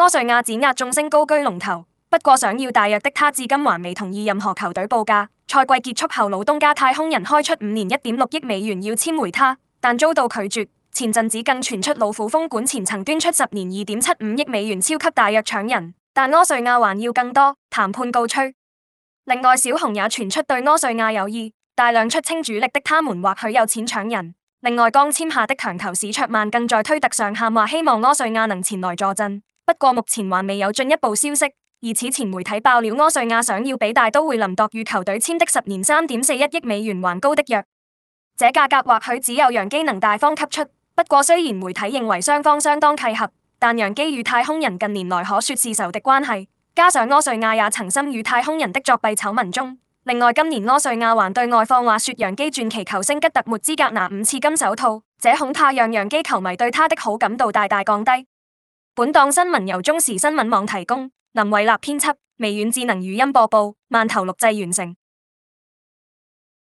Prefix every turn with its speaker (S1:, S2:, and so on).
S1: 柯瑞亞碾壓眾星高居龍頭，不過想要大約的他至今還未同意任何球隊報價。賽季結束後，老東家太空人開出五年一點六億美元要簽回他，但遭到拒絕。前陣子更傳出老虎封館前曾端出十年二點七五億美元超級大約搶人，但柯瑞亞還要更多，談判告吹。另外，小熊也傳出對柯瑞亞有意，大量出清主力的他們或許有錢搶人。另外，剛簽下的強投史卓曼更在推特上喊話，希望柯瑞亞能前來助陣。不過目前還未有進一步消息，而此前媒體爆料，柯瑞亞想要比大都會林鐸與球隊簽的十年三點四一億美元還高的約，這價格或許只有洋基能大方給出。不過雖然媒體認為雙方相當契合，但洋基與太空人近年來可說是仇敵關係，加上柯瑞亞也曾深與太空人的作弊醜聞中。另外今年柯瑞亞還對外放話說洋基傳奇球星吉特沒資格拿五次金手套，這恐怕讓洋基球迷對他的好感度大大降低。本檔新聞由中時新聞網提供，林偉立編輯，微軟智能語音播報，饅頭錄製完成。